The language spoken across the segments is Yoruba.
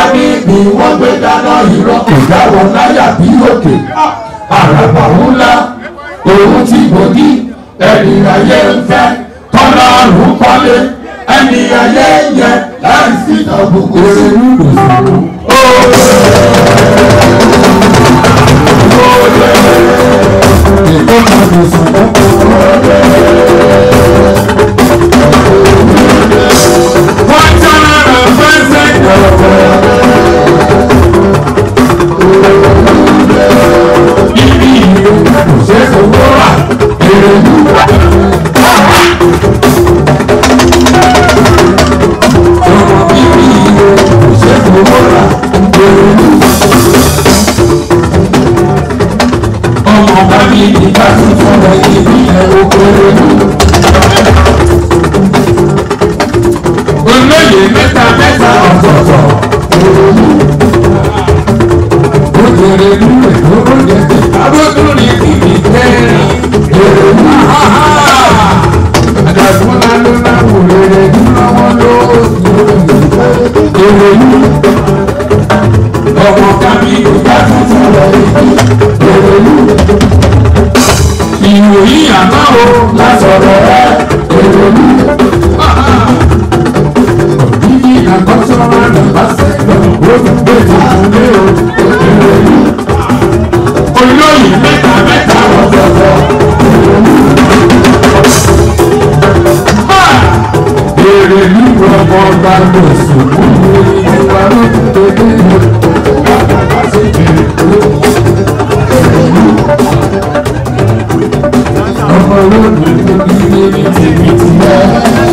dábìlì wọ́n gbé dáná irọ́ kò dáwọ́ náyà bí òkè àràbà ńlá òun ti gbòdì ẹni ayé ń fẹ́ tọ́lá ọ̀run kọ́lé ẹni ayé ń yẹ láì sí ìtàbùkù sí. abọ́dún ní kìkì kẹrin yorùbá àdàgbọ́nà ló ná wòlẹ́rẹ́ lọ́wọ́ lóòótọ́ ìròyìn ọmọ kàmí ìgbà tuntun rẹ̀ ìròyìn ìròyìn àná o lásọ̀rọ̀. Ọmọ olóògbé ló ń gbé ní tèmi ti yá.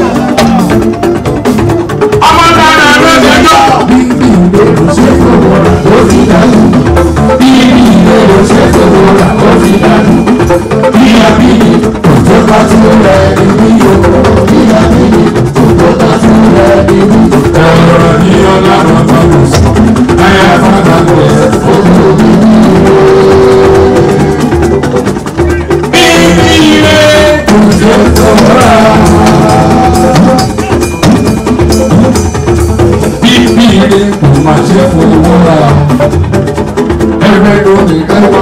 Bíbí ilé kò máa ṣe fún ìwọ́ra. Ẹgbẹ́ lónìí kẹ́lẹ́ wá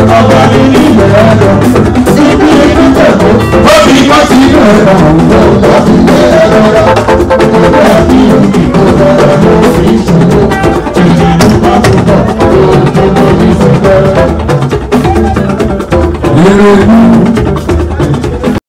Oh,